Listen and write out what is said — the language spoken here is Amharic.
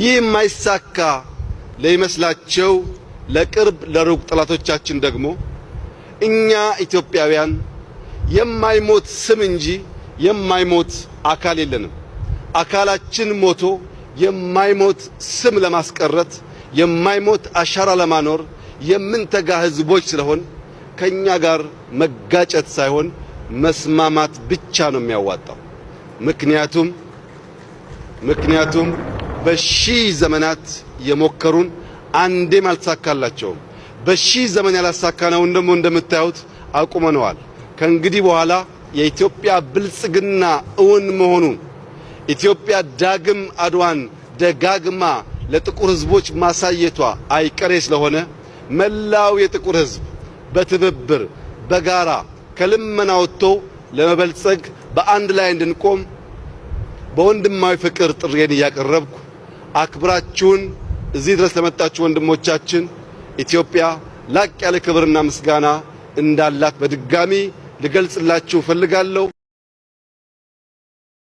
ይህ የማይሳካ ለይመስላቸው ለቅርብ ለሩቅ ጠላቶቻችን ደግሞ እኛ ኢትዮጵያውያን የማይሞት ስም እንጂ የማይሞት አካል የለንም። አካላችን ሞቶ የማይሞት ስም ለማስቀረት የማይሞት አሻራ ለማኖር የምንተጋ ህዝቦች ስለሆን ከኛ ጋር መጋጨት ሳይሆን መስማማት ብቻ ነው የሚያዋጣው። ምክንያቱም ምክንያቱም በሺህ ዘመናት የሞከሩን አንዴም አልተሳካላቸውም። በሺህ ዘመን ያላሳካነውን ደግሞ እንደምታዩት አቁመነዋል። ከእንግዲህ በኋላ የኢትዮጵያ ብልጽግና እውን መሆኑ ኢትዮጵያ ዳግም አድዋን ደጋግማ ለጥቁር ሕዝቦች ማሳየቷ አይቀሬ ስለሆነ መላው የጥቁር ሕዝብ በትብብር በጋራ ከልመና ወጥቶ ለመበልጸግ በአንድ ላይ እንድንቆም በወንድማዊ ፍቅር ጥሬን እያቀረብኩ አክብራችሁን እዚህ ድረስ ለመጣችሁ ወንድሞቻችን ኢትዮጵያ ላቅ ያለ ክብርና ምስጋና እንዳላት በድጋሚ ልገልጽላችሁ እፈልጋለሁ።